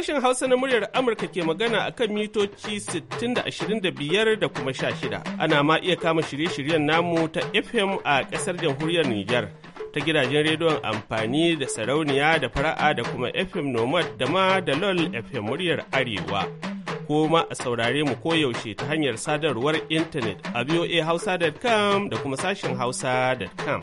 Sashen Hausa na muryar Amurka ke magana a kan mitoci 60-25 da kuma shida Ana ma iya kama shirye-shiryen namu ta FM a ƙasar jamhuriyar Nijar ta gidajen rediyon amfani da sarauniya da fara'a da kuma FM Nomad da ma da LOL FM muryar Arewa. Kuma a saurare mu koyaushe ta hanyar sadarwar intanet a voahausa.com da kuma sashen hausa.com.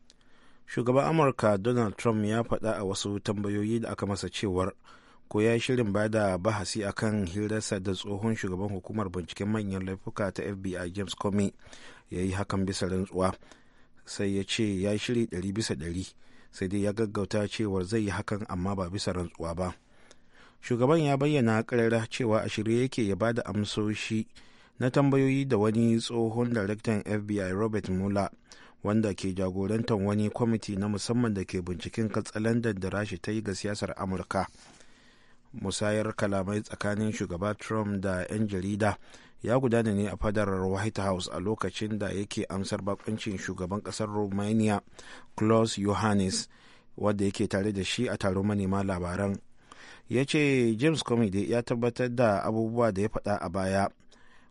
shugaban amurka donald trump ya faɗa a wasu tambayoyi da aka masa cewar ko ya yi shirin ba da bahasi kan hirarsa da tsohon shugaban hukumar binciken manyan laifuka ta fbi james comey ya yi hakan bisa rantsuwa sai ya ce ya yi shiri ɗari bisa ɗari sai dai ya gaggauta cewar zai yi hakan amma ba bisa rantsuwa ba shugaban ya bayyana karara cewa a shirye yake ya bada amsoshi na tambayoyi da wani tsohon daraktan fbi robert mueller wanda ke jagorantar wani kwamiti na musamman da ke binciken katsalandan da rashi ta yi ga siyasar amurka musayar kalamai tsakanin shugaba trump da 'yan jarida ya gudana ne a fadar white house a lokacin da yake amsar bakuncin shugaban kasar romania klaus yohannes wadda yake tare da shi a taron manema labaran ya ce james comey ya tabbatar da abubuwa da ya faɗa a baya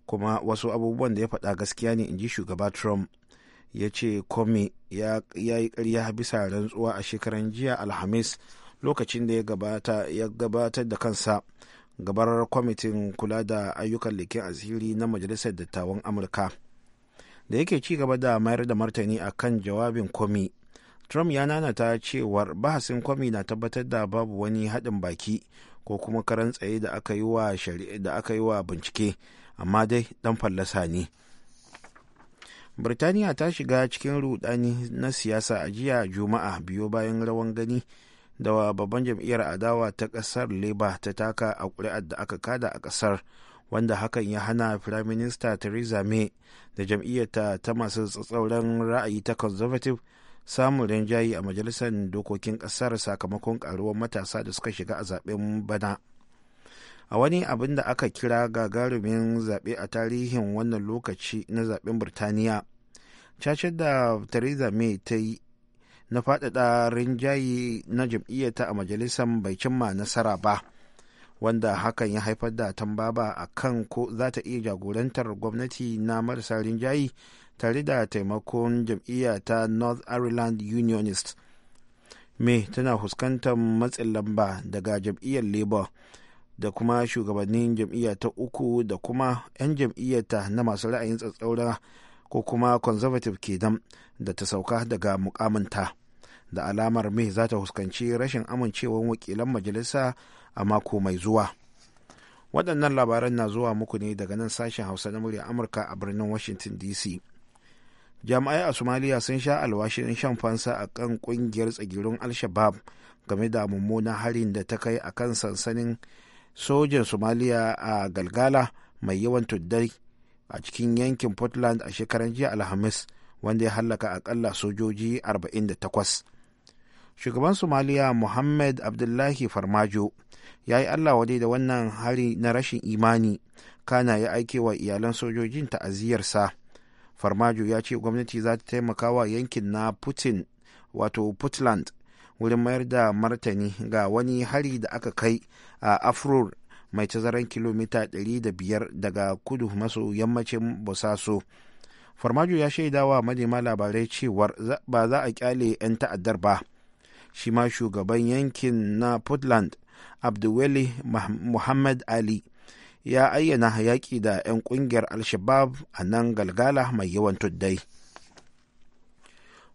kuma wasu abubuwan da ya faɗa gaskiya ne in ji shugaba trump ya ce komi ya yi karya bisa rantsuwa a shekaran jiya alhamis lokacin da ya gabatar da kansa gabar kwamitin kula da ayyukan leken asiri na majalisar dattawan amurka da yake ci gaba da mayar da martani a kan jawabin kwami trump ya nanata cewar bahasin kwami na tabbatar da babu wani haɗin baki ko kuma karan tsaye da aka yi wa bincike amma dai ɗan fallasa ne birtaniya ta shiga cikin rudani na siyasa a jiya juma'a biyo bayan rawan gani da babban jam'iyyar adawa ta kasar labour ta taka a kuri'ar da aka kada a kasar wanda hakan ya hana prime minister theresa may da jam'iyyarta ta masu tsatsauran ra'ayi ta conservative samun rinjaye a majalisar dokokin kasar sakamakon karuwar matasa da suka shiga a zaben bana a wani abin da aka kira gagarumin zaɓe a tarihin wannan lokaci na zaɓen birtaniya cacin da theresa may ta yi na faɗaɗa rinjaye na jam'iyyata a majalisar bai cimma nasara ba wanda hakan ya haifar da tambaba a kan ko za ta iya jagorantar gwamnati na marasa rinjaye tare da taimakon jam'iyya ta north ireland unionist may tana fuskantar matsin lamba daga jam'iyyar labour da kuma shugabannin jam'iyya ta uku da kuma 'yan jam'iyyata na masu ra'ayin tsatsaura ko kuma conservative kenan da ta sauka daga mukaminta da alamar mai za ta huskanci rashin amincewar wakilan majalisa a mako mai zuwa waɗannan labaran na zuwa muku ne daga nan sashen hausa na murya amurka a birnin washington dc jami'ai a somaliya sun sha alwashin shan fansa a kan ƙungiyar tsagirin al game da mummunan harin da ta kai a kan sansanin sojan somaliya a galgala mai yawan tuddai a cikin yankin portland a shekaran jiya alhamis wanda ya hallaka akalla sojoji 48 shugaban somaliya muhammad abdullahi farmajo ya yi allah wadai da wannan hari na rashin imani kana ya aike wa iyalan sojojin ta'aziyarsa farmajo ya ce gwamnati za ta taimaka wa yankin na putin wato putland wurin mayar da martani ga wani hari da aka kai a afrur mai tazaran kilomita 500 daga kudu maso yammacin bosaso farmajo ya shaida wa manema labarai cewar ba za a kyale 'yan ta'addar ba shi ma shugaban yankin na potland abduweli muhammad ali ya ayyana yaƙi da 'yan ƙungiyar al-shabab a nan galgala mai yawan tuddai.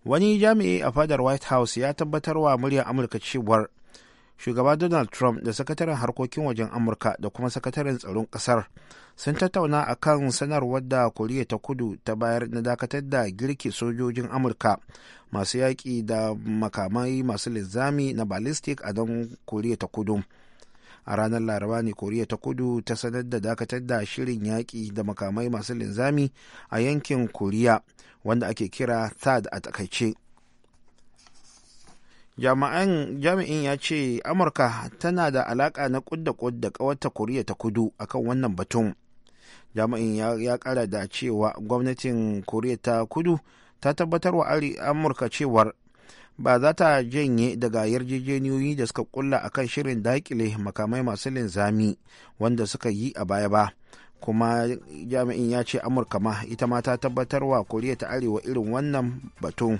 wani jami'i a fadar white house ya tabbatar wa muryar amurka cewar shugaba donald trump da sakataren harkokin wajen amurka da kuma sakataren tsaron kasar sun tattauna a kan sanarwar da koriya ta kudu ta bayar na dakatar da girki sojojin amurka masu yaƙi da makamai masu linzami na ballistic a don koriya ta kudu a ranar laraba ne koriya ta kudu ta sanar da dakatar da shirin yaƙi da makamai masu linzami a yankin koriya wanda ake kira thad a takaice jami'in ya ce amurka tana da alaƙa na kudda kudda ƙawarta koriya ta kudu akan wannan batun jami'in ya kara da cewa gwamnatin koriya ta kudu ta tabbatar wa amurka cewar ba za ta janye daga yarjejeniyoyi da suka kulla a kan shirin dakile makamai masu linzami wanda suka yi a baya ba kuma jami'in ya ce amurka ma ita ma ta tabbatarwa koriya ta arewa irin wannan batun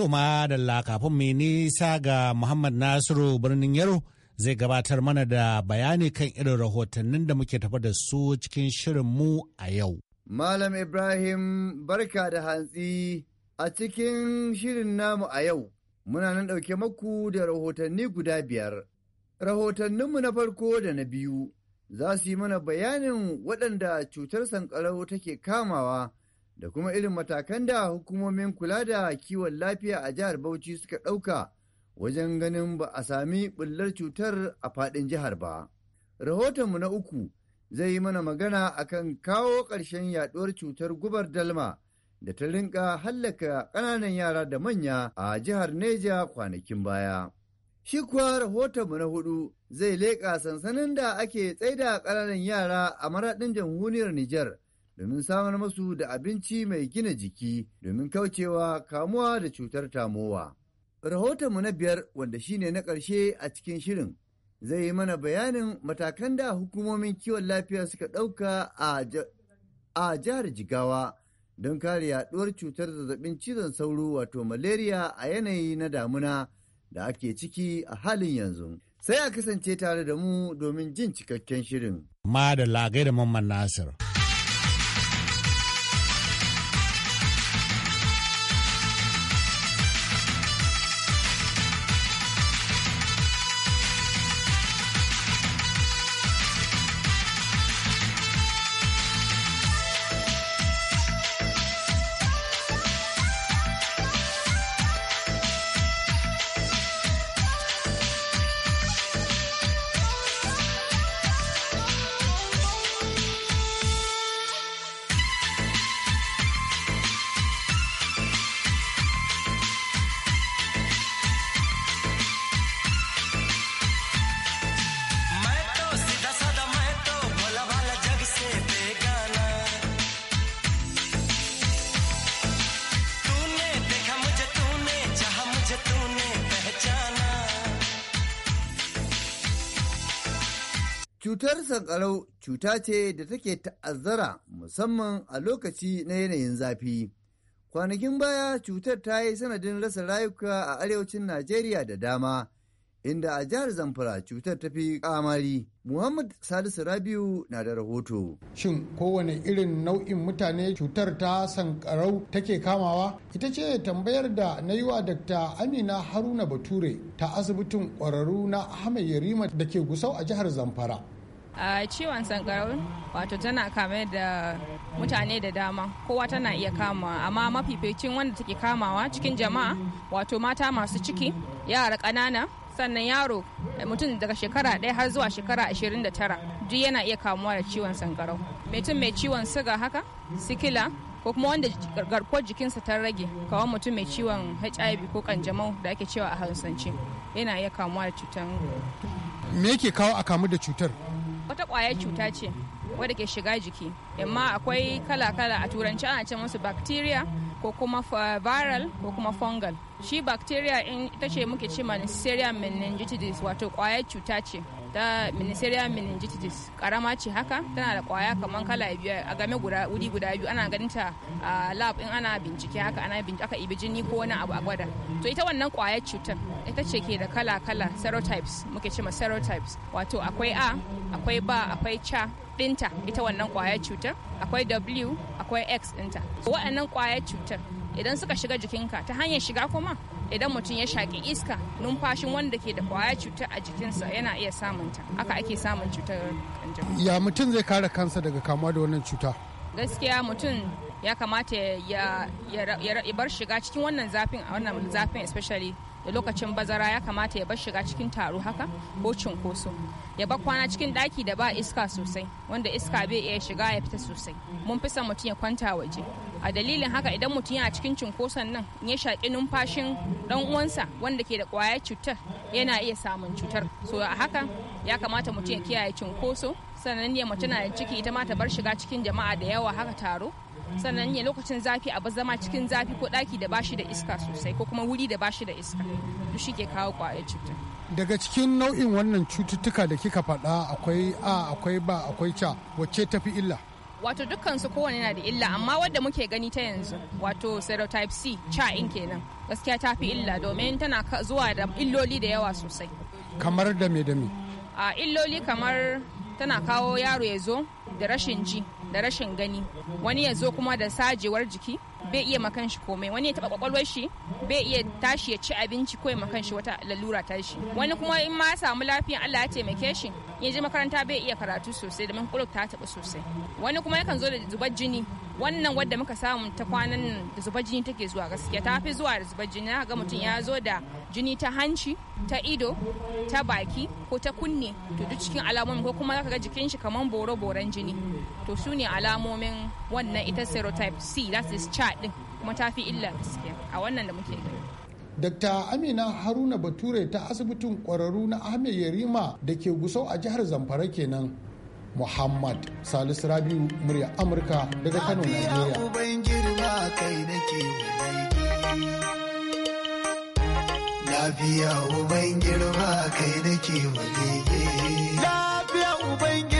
To ma da kafin mai nisa ga Muhammad Nasiru birnin Yaro zai gabatar mana da bayani kan irin rahotannin da muke tafa da su cikin shirin mu a yau. Malam Ibrahim barka da hantsi a cikin shirin namu a yau muna nan ɗauke maku da rahotanni guda biyar. Rahotanninmu na farko da na biyu za su yi mana bayanin waɗanda cutar sankarau take kamawa da kuma irin matakan da hukumomin kula da kiwon lafiya a jihar Bauchi suka ɗauka wajen ganin ba a sami bullar cutar a faɗin jihar ba. Rahotonmu na uku zai yi mana magana akan kawo ƙarshen yaɗuwar cutar gubar dalma da ta rinka hallaka ƙananan yara da manya a jihar Neja kwanakin baya. Shi kuwa rahotonmu na hudu zai leƙa sansanin da ake tsaida ƙananan yara a maraɗin jamhuriyar Nijar. domin samar musu da abinci mai gina jiki domin kaucewa kamuwa da cutar tamowa. Rahotonmu na biyar wanda shine na ƙarshe a cikin shirin zai yi mana bayanin matakan da hukumomin kiwon lafiya suka ɗauka a jihar Jigawa don kare yaɗuwar cutar zazzabin cizon sauro wato malaria a yanayi na damuna da ake ciki a halin yanzu. Sai a kasance tare da mu domin jin cikakken shirin. Ma da lagai da Mamman Nasir. Cutar sankarau cuta ce da take ta'azzara musamman a lokaci na yanayin zafi. Kwanakin baya cutar ta yi sanadin rasa rayuka a arewacin Najeriya da dama, inda a jihar Zamfara cutar ta fi kamari. Muhammad Salisu Rabiu na da rahoto. Shin kowane irin nau'in mutane cutar ta sankarau take kamawa? Ita ce tambayar da na yi wa Dr. Amina Haruna Bature ta asibitin ƙwararru na Ahmed Yarima da ke Gusau a jihar Zamfara. a ciwon sankarau wato tana kame da mutane da dama kowa tana iya kama amma mafificin wanda take kamawa cikin jama'a wato mata masu ciki yara kanana sannan yaro eh, mutum daga shekara ɗaya har zuwa shekara 29 duk yana iya kamuwa da ciwon sankarau mutum mai ciwon siga haka sikila ko kuma wanda garkuwar jikinsa ta rage kawai mutum mai ciwon hiv ko kanjamau da ake cewa a hausance yana iya kamuwa da cutar me yake kawo a kamu da cutar wata kwayar cuta ce wadda ke shiga jiki amma akwai kala-kala a turanci ana ce musu bacteria ko kuma viral ko kuma fungal shi bacteria in ita ce muke ce ma neisseria meningitis wato kwayar cuta ce ta ministerial meningitis karama ce haka tana da kwaya kamar kala biyu a game guda wuri guda biyu ana ganin ta a lab in ana bincike haka ana bincike aka ibi jini ko wani abu a gwada to ita wannan kwaya cutar ita ce ke da kala kala serotypes muke ce ma serotypes wato akwai a akwai ba akwai ca dinta ita wannan kwaya cutar akwai w akwai x dinta waɗannan kwayar cutar idan suka shiga jikinka ta hanyar shiga kuma idan mutum ya shaƙi iska numfashin wanda ke da kwaya cuta a jikinsa yana iya samunta haka ake samun cutar kanjamau ya mutum zai kare kansa daga kamuwa da wannan cuta gaskiya mutum ya kamata ya bar shiga cikin wannan zafin a wannan zafin especially da lokacin bazara ya kamata ya bar shiga cikin taro haka ko cinkoso ya bar kwana cikin daki da ba iska sosai wanda iska bai iya shiga ya fita sosai mun fi son mutum ya kwanta waje a dalilin haka idan mutum yana cikin cinkoson nan in ya shaƙi numfashin dan uwansa wanda ke da kwaya cutar yana iya samun cutar so a haka ya kamata mutum ya kiyaye cinkoso sannan ya mace na ciki ita ma ta bar shiga cikin jama'a da yawa haka taro sannan ne lokacin zafi a zama cikin zafi ko daki da bashi da iska sosai ko kuma wuri da bashi da iska duk shi ke kawo kwayar cutar daga cikin nau'in wannan cututtuka da kika faɗa akwai a akwai ba akwai ca wacce tafi illa wato dukkansu kowane na da illa amma wadda muke gani ta yanzu wato serotype c ca in kenan gaskiya ta fi illa domin tana zuwa da illoli da yawa sosai kamar da me da me a illoli kamar tana kawo yaro ya zo da rashin ji da rashin gani wani ya zo kuma da sajewar jiki bai iya makan shi komai wani ya taba kwakwalwar shi bai iya tashi ya ci abinci ko ya makan shi wata lalura tashi wani kuma in ma samu lafiya Allah ya taimake shi ya je makaranta bai iya karatu sosai da mankuluk ta taba sosai wani kuma yakan zo da zubar jini wannan wadda muka samu ta kwanan da zubar jini take zuwa gaskiya ta fi zuwa da zubar jini na ga mutum ya zo da jini ta hanci ta ido ta baki ko ta kunne to duk cikin alamomin ko kuma zaka ga jikin shi kaman boro-boron jini to su ne alamomin wannan ita serotype c that is cha din kuma ta fi illa gaskiya a wannan da muke gani Dr. Amina Haruna Bature ta asibitin kwararru na Ahmed Yarima da ke gusau a jihar Zamfara kenan. Muhammad Salisu Rabiu murya Amurka daga Kano, Nigeria. Lafiya uban kai nake walege. Lafiya uban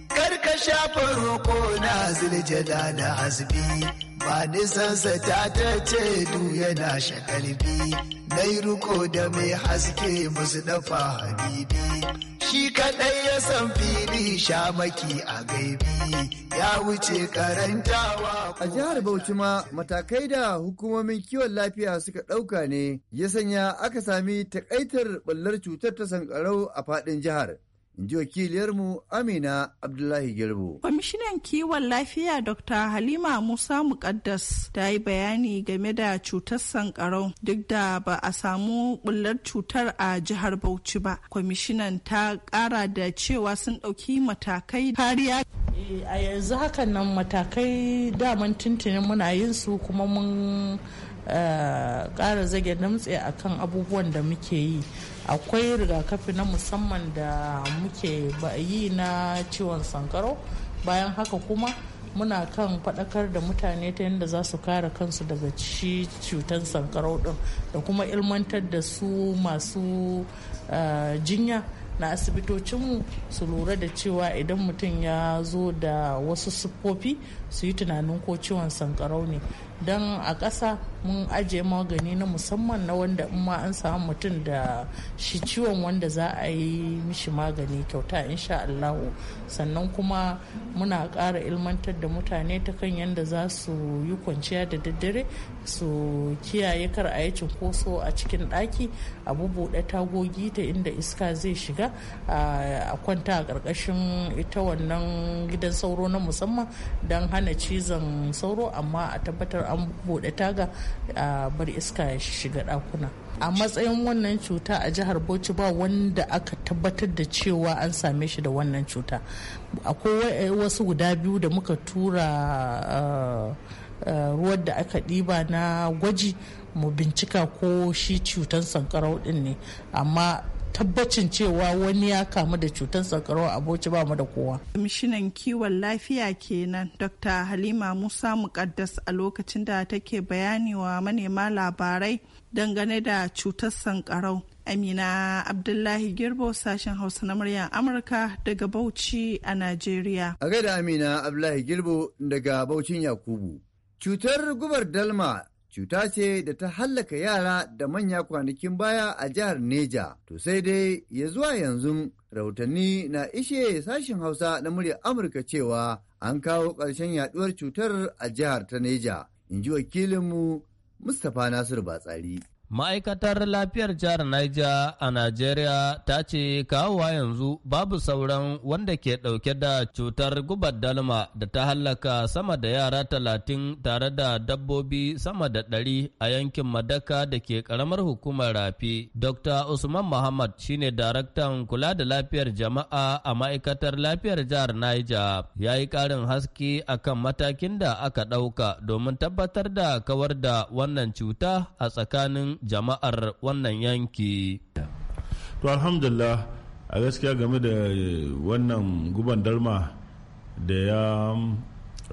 karka shafa roko na ziljada da hasbi ba nisansa ta ta ce du yana shakalbi mai ruko da mai haske musu dafa habibi shi kaɗai ya san fili shamaki a gaibi ya wuce karantawa. A jihar Bauchi ma matakai da hukumomin kiwon lafiya suka ɗauka ne ya sanya aka sami takaitar ɓallar cutar ta sankarau a faɗin jihar. ji wakiliyarmu Amina Abdullahi Girbo. Kwamishinan kiwon lafiya Dr. Halima Musa Mukaddas ta yi bayani game da cutar sankarau duk da ba a samu bullar cutar a jihar Bauchi ba. Kwamishinan ta kara da cewa sun ɗauki matakai kariya. Eh, a yanzu hakan nan matakai daman tuntunin muna yin su kuma mun Eh, ƙara zage damtse a kan abubuwan da muke yi akwai rigakafi na musamman da muke yi na ciwon sankaro bayan haka kuma muna kan faɗakar da mutane ta yadda za su kare kansu daga ci cutar sankarau ɗin da kuma ilmantar da su masu eh, jinya na asibitocinmu su lura da cewa idan mutum ya zo da wasu siffofi su yi tunanin ko ciwon sankarau ne don a ƙasa mun ajiye magani na musamman na wanda in ma an samu mutum da shi ciwon wanda za a yi mishi magani kyauta insha Allahu sannan kuma muna ƙara ilmantar da mutane ta kan yadda za su yi kwanciya da daddare su kiyaye kar a yi cinkoso a cikin ɗaki a bubuɗe tagogi ta inda iska zai shiga a kwanta a ƙarƙashin ita wannan gidan sauro na musamman don hana cizon sauro amma a tabbatar an buɗe taga a bar iska ya shiga ɗakuna a matsayin wannan cuta a jihar bauchi ba wanda aka tabbatar da cewa an same shi da wannan cuta akwai eh, wasu guda biyu da muka tura ruwan da aka ɗiba na gwaji mu bincika ko shi cutar sankarau ɗin ne amma tabbacin cewa wani ya kamu da cutar sankarau a Bauchi ba mu da kowa. Kwamishinan kiwon lafiya kenan Dr. Halima Musa Mukaddas a lokacin da take bayani wa manema labarai dangane da cutar sankarau. Amina Abdullahi Girbo sashen Hausa na muryar Amurka daga Bauchi a Najeriya. A gaida Amina Abdullahi Girbo daga Baucin Yakubu. Cutar gubar dalma cuta ce da ta hallaka yara da manya kwanakin baya a jihar Neja. To sai dai ya zuwa yanzu rahotanni na ishe sashin Hausa na muryar Amurka cewa an kawo ƙarshen yaduwar cutar a jihar ta Neja. In ji wakilinmu Mustapha Nasiru Batsari. Ma'aikatar lafiyar jihar Niger a Najeriya ta ce kawowa yanzu babu sauran wanda ke ɗauke da cutar gubar dalma da ta hallaka sama da yara talatin tare da dabbobi sama da ɗari a yankin Madaka da ke ƙaramar hukumar Rafi. Dr. Usman Muhammad shine daraktan kula da lafiyar jama'a a ma'aikatar lafiyar jihar Niger ya yi ƙarin haske akan matakin da aka ɗauka domin tabbatar da kawar da wannan cuta a tsakanin jama'ar wannan yanki. To alhamdulillah a gaskiya game da wannan guban dalma da ya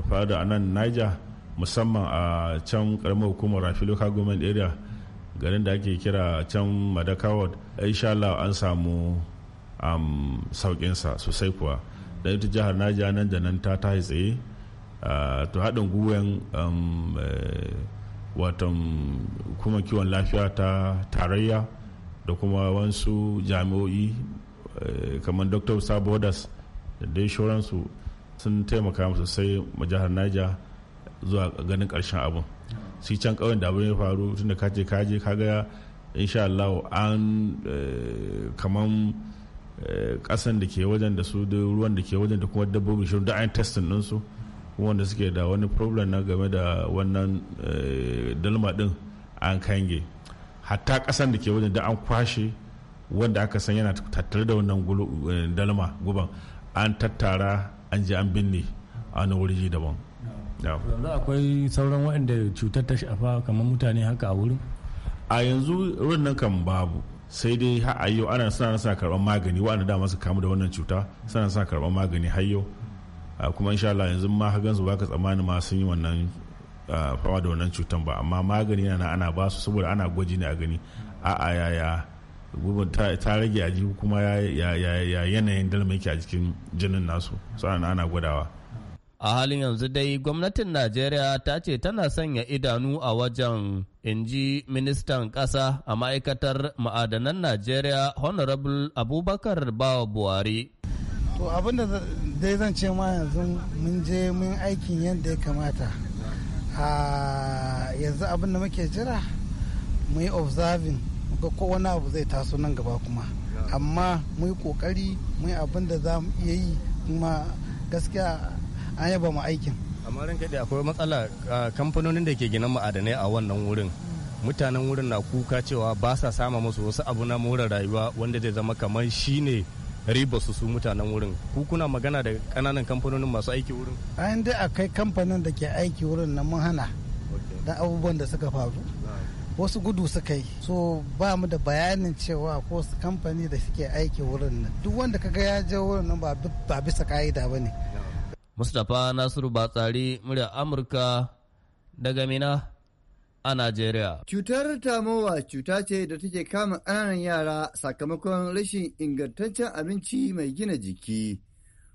faru a nan Niger musamman a can karamar hukumar Rafi Local Government Area garin da ake kira can Madakawad insha Allah an samu um, sa sosai kuwa da ita jihar Niger nan da nan ta tahi tsaye to haɗin gwiwan eh, watan kuma kiwon lafiya ta tarayya da kuma wasu jami'o'i eh, kamar dr sabodas da dai shoransu sun taimaka musu sai jihar naija zuwa ganin karshen abin shi can kawai da abin ya faru tunda kace kaje kaga insha Allah an eh, kaman kasan eh, da ke wajen da su da ruwan da ke wajen da kuma dabbobin shirin da an testin ɗinsu su wanda suke da wani problem na game da wannan eh, dalma din an kange hatta kasan da ke wajen da an kwashe wanda aka san yana tattare da wannan eh, dalma guban an tattara an ji an binne a wani wuri daban yanzu akwai sauran waɗanda cutar ta shafa kamar mutane haka a wurin a yanzu wurin nan kan babu sai dai ha a ana suna nasa karɓar magani waɗanda dama su kamu da wannan cuta suna sa karɓar magani har yau kuma insha Allah yanzu ma hagan su baka tsammani ma sun yi wannan fama da wannan cutan ba amma magani na ana ba su saboda ana gwaji ne a gani a'a yaya ta rage a jiki kuma ya yanayin dalma ke a jikin jinin nasu sa'an ana gwadawa a halin yanzu dai gwamnatin najeriya ta ce tana sanya idanu a wajen inji ministan ƙasa a ma'aikatar ma'adanan najeriya honorable abubakar bawa buhari to abinda dai zan ce ma yanzu mun je mun aikin yadda ya kamata a yanzu abin da muke jira mu yi observing ga ko wani abu zai taso nan gaba kuma amma mu yi kokari mu yi abin da za mu iya yi kuma gaskiya an yaba mu aikin amma ranka da akwai matsala kamfanonin da ke ginin ma'adanai a wannan wurin mutanen wurin na kuka cewa ba sa sama musu wasu abu na more rayuwa wanda zai zama kamar shine ne ribar su su mutanen wurin ku kuna magana da kananan kamfanonin masu aiki wurin an dai akai kamfanin da ke aiki wurin na mun hana da abubuwan da suka faru wasu gudu suka yi so ba mu da bayanin cewa ko kamfani da suke aiki wurin nan duk wanda kaga ya je wurin nan ba bisa ka'ida ba ne mustapha nasiru batsari murya amurka daga mina a Najeriya. Cutar tamowa cuta ce da take kama ƙananan yara sakamakon rashin ingantaccen abinci mai gina jiki.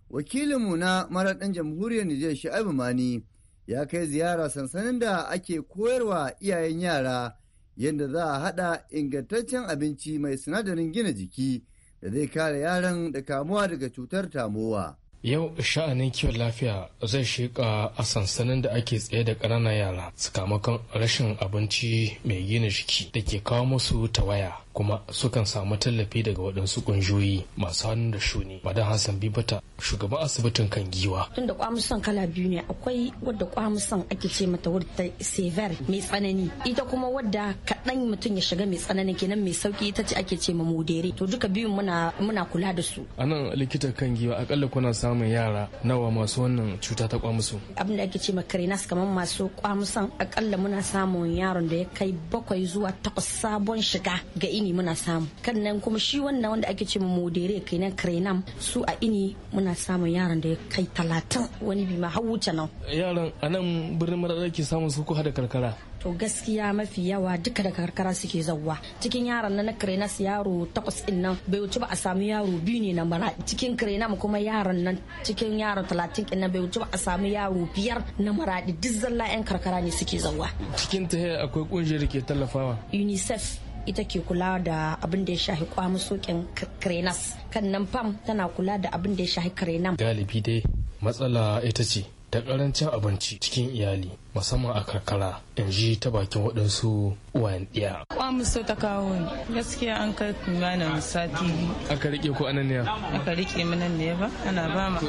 Wakilinmu na maraɗin jamhuriyar Nijar Shu'aibu Mani ya kai ziyara sansanin da ake koyarwa iyayen yara yadda za a haɗa ingantaccen abinci mai sinadarin gina jiki da zai kare yaran da kamuwa daga cutar tamowa. Yau sha'anin kiwon lafiya zai shiƙa a sansanin da ake tsaye da ƙananan yara sakamakon rashin abinci mai gina jiki da ke kawo musu tawaya. kuma sukan samu tallafi daga waɗansu ƙungiyoyi masu hannun da shuni madan hassan bata shugaban asibitin kan giwa tun da kwamusan kala biyu ne akwai wadda kwamusan ake ce mata wadda sever mai tsanani ita kuma wadda kaɗan mutum ya shiga mai tsanani kenan mai sauki ita ce ake ce ma modere to duka biyu muna kula da su anan likita kan giwa akalla kuna samun yara nawa masu wannan cuta ta kwamusu abinda ake ce ma krenas kamar masu kwamusan akalla muna samun yaron da ya kai bakwai zuwa takwas sabon shiga ga ini muna samu kan nan kuma shi wannan wanda ake ce modere kai nan krenam su a ini muna samun yaran da ya kai talatin wani bi ma har wuce nan yaran a nan birnin madara ke samun su ko hada karkara to gaskiya mafi yawa duka da karkara suke zauwa cikin yaran na krenas yaro takwas din nan bai wuce ba a samu yaro biyu ne na mara cikin krenam kuma yaran nan cikin yaro talatin din nan bai wuce ba a samu yaro biyar na mara duk zalla yan karkara ne suke zauwa cikin ta akwai kungiyar da ke tallafawa unicef ita ke kula da abin da ya shahi kwamusokin krenas kan nan fam tana kula da abin da ya shahi krenam galibi dai matsala ita ce ta karancin abinci cikin iyali musamman a karkara in ji ta bakin waɗansu uwayen ɗiya. Kwa musu ta kawo gaskiya an kai kuma na sati Aka rike ko anan ne Aka rike mana ne ba ana ba ma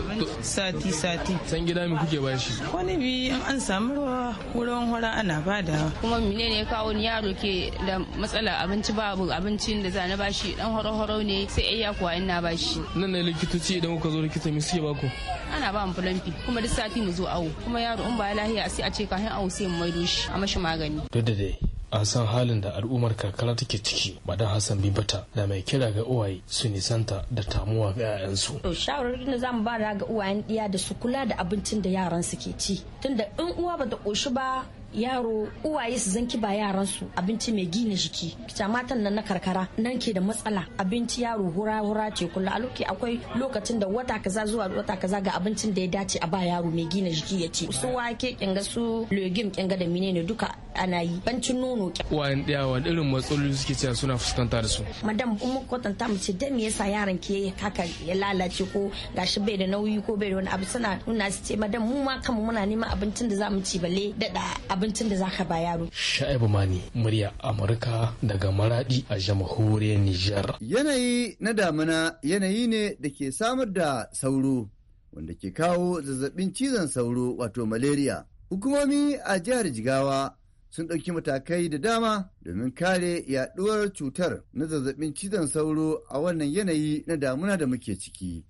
sati sati. San gida mi kuke ba shi? Wani bi in an samu ruwa wurin hura ana ba da. Kuma mine ne kawo ni yaro ke da matsala abinci babu abincin da za na ba shi dan horo-horo ne sai iya kuwa in na ba shi. Nan ne likitoci idan kuka zo likita mi suke ba ku? Ana ba mu fulanfi kuma duk sati mu zo awo kuma yaro in ba lahiya sai a ce kafin a wuce mai maido shi a mashi magani duk da an san halin da al'ummar karkara take ciki madan hassan bibata da mai kira ga uwaye su nisanta da tamuwa ga 'ya'yansu. to shawarar da zamu bada ga uwayen diya da su kula da abincin da yaran su ke ci tunda in uwa bata ƙoshi ba yaro uwaye su zanki ba yaran su abinci mai gina jiki kita matan nan na karkara nan ke da matsala abinci yaro hura hura ce kullu a lokaci akwai lokacin da wata kaza zuwa wata kaza ga abincin da ya dace a ba yaro mai gina jiki ya ce su wake kinga su legume kinga da menene duka ana yi bancin nono wani daya wani irin matsaloli suke cewa suna fuskanta da su madam in mu kwatanta mu ce da me yasa yaron ke haka ya lalace ko gashi bai da nauyi ko bai da wani abu suna nuna su ce madam mu ma kanmu muna neman abincin da za mu ci balle dada abin abincin da zaka ba yaro. Sha'ibu Mani murya Amurka daga Maradi a jamhuriyar Nijar. Yanayi na damina yanayi ne da ke samar da sauro wanda ke kawo zazzabin cizon sauro wato malaria. Hukumomi a jihar Jigawa sun ɗauki matakai da dama domin kare yaɗuwar cutar na zazzabin cizon sauro a wannan yanayi na damuna da muke ciki.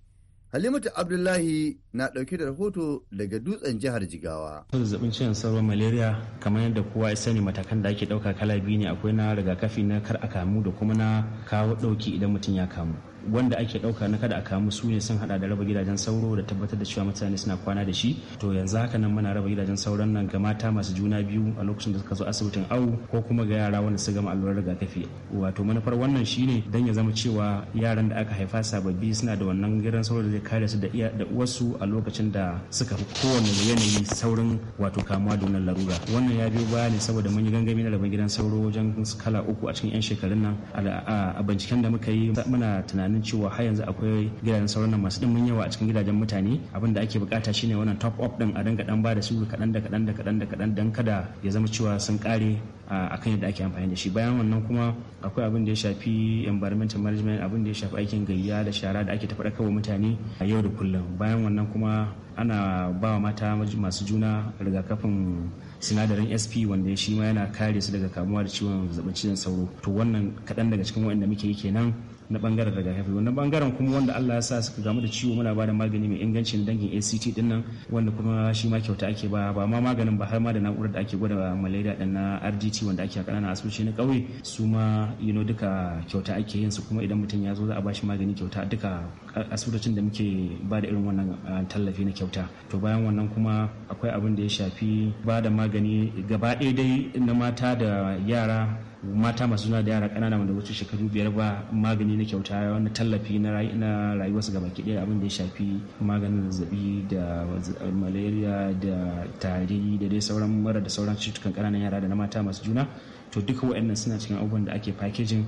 Halimatu Abdullahi na dauke da rahoto daga dutsen jihar Jigawa. Zazzabin cin sauro malaria kamar yadda kowa ya sani matakan da ake ɗauka kala biyu ne akwai na rigakafi na kar a kamu da kuma na kawo ɗauki idan mutum ya kamu. wanda ake ɗauka na kada a kamu su ne sun hada da raba gidajen sauro da tabbatar da cewa mutane suna kwana da shi to yanzu haka nan muna raba gidajen sauron nan ga mata masu juna biyu a lokacin da suka zo asibitin awu ko kuma ga yara wanda su gama allurar rigakafi wato manufar wannan shine dan ya zama cewa yaran da aka haifa sababbi suna da wannan gidan sauro da zai kare su da uwarsu a lokacin da suka fi kowane yanayi saurin wato kamuwa da wannan larura wannan ya biyo baya ne saboda mun yi gangami na rabon gidan sauro wajen kala uku a cikin 'yan shekarun nan a binciken da muka yi muna tunanin cewa har yanzu akwai gidajen sauron nan masu dimin yawa a cikin gidajen mutane abin da ake bukata shine wannan top up din a dinga dan ba da su kadan da kadan da kadan da kadan dan kada ya zama cewa sun kare akan yadda ake amfani da shi bayan wannan kuma akwai abin da ya shafi environmental management abin da ya shafi aikin gayya da shara da ake tafaɗa wa mutane a yau da kullum bayan wannan kuma ana ba wa mata masu juna rigakafin sinadarin sp wanda shi ma yana kare su daga kamuwa da ciwon zazzabin cizon sauro to wannan kaɗan daga cikin waɗanda muke yi kenan na bangaren rigakafi wanda bangaren kuma wanda Allah ya sa suka gamu da ciwo muna bada magani mai ingancin dangin ACT din nan wanda kuma shi ma kyauta ake ba ba ma maganin ba har ma da na'urar da ake gwada malaria din na RDT wanda ake a kananan na kauye su ma you duka kyauta ake yin su kuma idan mutum ya zo za a ba shi magani kyauta duka asibitocin da muke ba da irin wannan ah, tallafi na kyauta kyauta to bayan wannan kuma akwai abin da ya shafi ba da magani gaba ɗaya dai na mata da yara mata masu zuna da yara ƙanana wanda wuce shekaru biyar ba magani na kyauta wani tallafi na rayuwarsu gaba ɗaya abin da ya shafi maganin zazzabi da malaria da tari da dai sauran mara da sauran cututtukan ƙananan yara da na mata masu juna to duka waɗannan suna cikin abubuwan da ake fakejin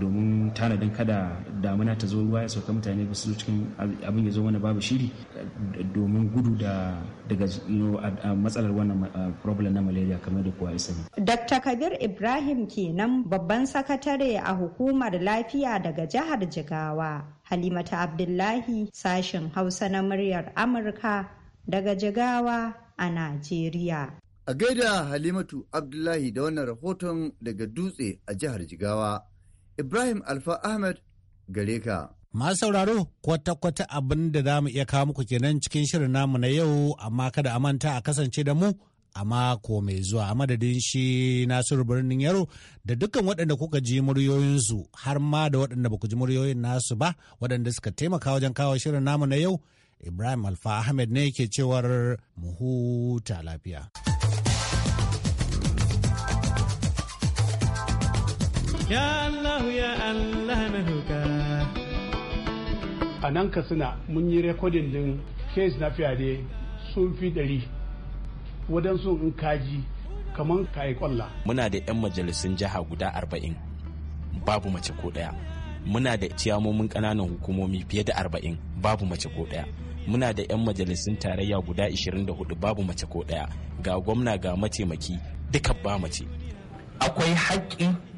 domin tanadin kada damuna ta zo ruwa ya sauka mutane ba su cikin abin ya zo mana babu shiri domin gudu da daga matsalar wannan problem na malaria kamar da kowa isa ne. Dr. Kabir Ibrahim kenan babban sakatare a hukumar lafiya daga jihar Jigawa. Halimata Abdullahi sashen Hausa na muryar Amurka daga Jigawa a Najeriya. A gaida Halimatu Abdullahi da wannan rahoton daga Dutse a jihar Jigawa, Ibrahim Alfa Ahmed gare ka. Masu sauraro kwata-kwata abin da za mu iya kawo muku kenan cikin shirin namu na yau amma kada a manta a kasance da mu a mako mai zuwa a madadin shi Nasiru birnin Yaro da dukkan waɗanda kuka ji muryoyinsu har ma da waɗanda ba ku ji muryoyin nasu ba waɗanda suka taimaka wajen kawo shirin namu na yau Ibrahim Alfa Ahmed ne ke cewar mu huta lafiya. ya Allah ya Allah na roka a nan suna mun yi rekodin din case na fiyade sun fi ɗari sun in kaji kamar yi kwalla muna da 'yan majalisun jiha guda arba'in babu mace ko ɗaya muna da ciyamomin ƙananan hukumomi fiye da arba'in babu mace ko ɗaya muna da 'yan majalisun tarayya guda 24 babu mace ko ɗaya ga gwamna ga mataimaki duka ba mace akwai haƙƙin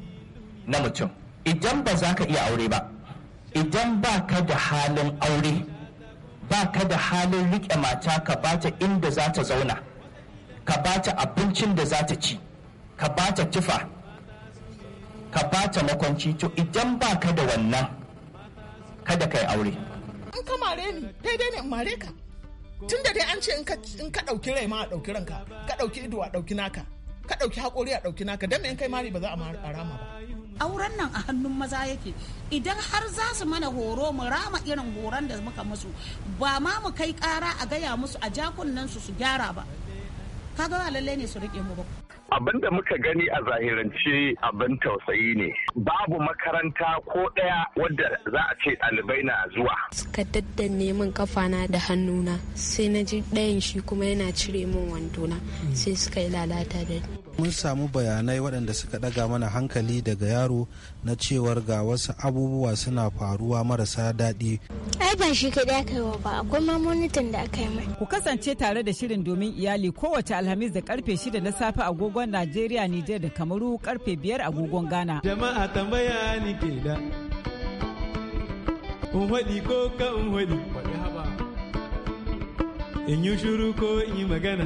na mutum idan ba za ka iya aure ba idan ba ka da halin aure ba ka da halin riƙe mata ka bata inda za ta zauna ka bata abincin da za ta ci ka bata tufa ka bata makwanci to idan ba ka da wannan kada ka yi aure an ka mare ni daidai ne in mare ka tun da dai an ce in ka ɗauki rai ma a ɗauki ranka ka ɗauki ido a ɗauki naka ka ɗauki haƙori a ɗauki naka don me in kai mari ba za a rama ba auren nan a hannun maza yake idan har za su mana horo mu rama irin horon da muka musu ba ma mu kai kara a gaya musu a jakunan su su gyara ba kaga lallai ne su rike mu ba abin da muka gani a zahirance abin tausayi ne babu makaranta ko ɗaya wadda za a ce ɗalibai na zuwa. Suka daddanne min kafana da hannuna sai na ji ɗayan shi kuma yana cire min wandona sai suka yi lalata da mun samu bayanai waɗanda suka ɗaga mana hankali daga yaro na cewar ga wasu abubuwa suna faruwa marasa daɗi. Ai ba shi kaɗai aka yi wa ba akwai mamonitan da aka yi mai. Ku kasance tare da shirin domin iyali kowace alhamis da karfe shida na safe agogon Najeriya Nijar da Kamaru karfe biyar agogon Ghana. Jama'a tambaya ni ke da in waɗi ko ka in waɗi in yi shuru ko in yi magana